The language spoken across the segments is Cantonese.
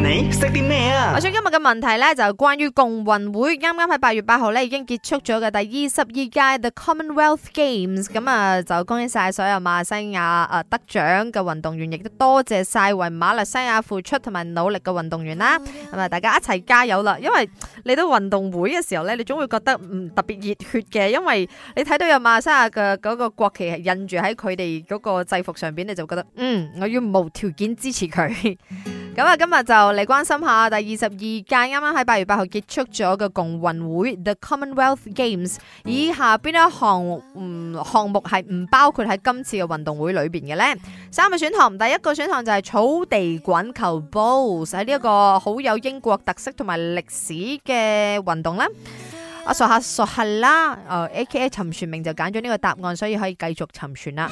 你識啲咩啊？我想今日嘅問題呢，就關於共運會，啱啱喺八月八號呢已經結束咗嘅第二十二屆 The Commonwealth Games，咁啊就恭喜晒所有馬來西亞誒得獎嘅運動員，亦都多謝晒為馬來西亞付出同埋努力嘅運動員啦。咁啊，大家一齊加油啦！因為你到運動會嘅時候呢，你總會覺得嗯特別熱血嘅，因為你睇到有馬來西亞嘅嗰個國旗印住喺佢哋嗰個制服上邊，你就覺得嗯我要無條件支持佢。 咁啊，今日就嚟關心下第二十二屆啱啱喺八月八號結束咗嘅共運會 The Commonwealth Games，以下邊一項嗯項目係唔包括喺今次嘅運動會裏邊嘅呢？三個選項，第一個選項就係草地滾球 bowls，喺呢一個好有英國特色同埋歷史嘅運動啦。阿索下索下啦，啊 A K A 沉船明就揀咗呢個答案，所以可以繼續沉船啦。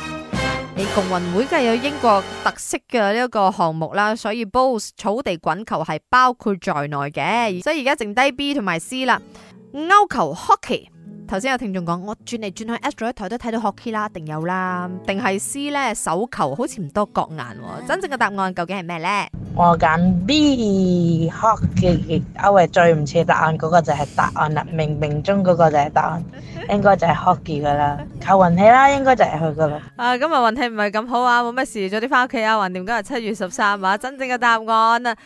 你共運會梗係有英國特色嘅呢一個項目啦，所以 bowls 草地滾球係包括在內嘅，所以而家剩低 B 同埋 C 啦。勾球 hockey，頭先有聽眾講，我轉嚟轉去 S 台都睇到 hockey 啦，定有啦，定係 C 咧？手球好似唔多角眼，真正嘅答案究竟係咩咧？我揀 B hockey，因為最唔似答案嗰個就係答案啦，命命中嗰個就係答案，明明是答案 應該就係 hockey 噶啦，靠運氣啦，應該就係佢噶啦。啊，今日運氣唔係咁好啊，冇咩事，早啲翻屋企啊。橫掂今日七月十三啊，真正嘅答案啊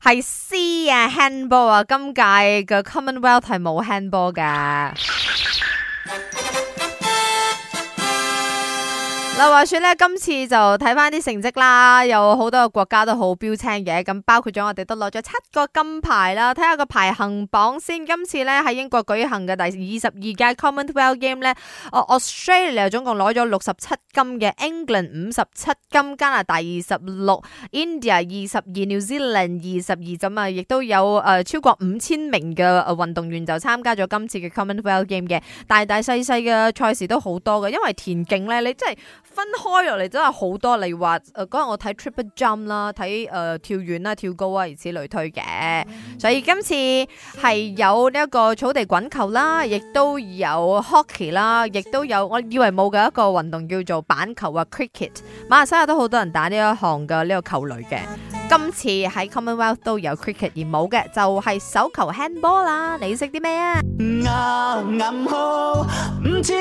係 C 啊 handball 啊，今屆嘅 Commonwealth 係冇 handball 噶。嗱，話說咧，今次就睇翻啲成績啦，有好多個國家都好標青嘅，咁包括咗我哋都攞咗七個金牌啦。睇下個排行榜先，今次呢，喺英國舉行嘅第二十二屆 Commonwealth Game 呢、啊、Australia 總共攞咗六十七金嘅，England 五十七金，加拿大二十六，India 二十二，New Zealand 二十二咁啊，亦都有、呃、超過五千名嘅運、呃、運動員就參加咗今次嘅 Commonwealth Game 嘅，大大細細嘅賽事都好多嘅，因為田徑呢，你真係～分開落嚟真係好多，例如話誒嗰日我睇 Triple Jump 啦，睇、呃、誒跳遠啦、跳高啊，如此類推嘅。所以今次係有呢一個草地滾球啦，亦都有 Hockey 啦，亦都有我以為冇嘅一個運動叫做板球啊，Cricket。馬來西亞都好多人打呢一項嘅呢個球類嘅。今次喺 Commonwealth 都有 Cricket 而冇嘅就係、是、手球 Handball 啦，你識啲咩啊？嗯嗯嗯嗯好五次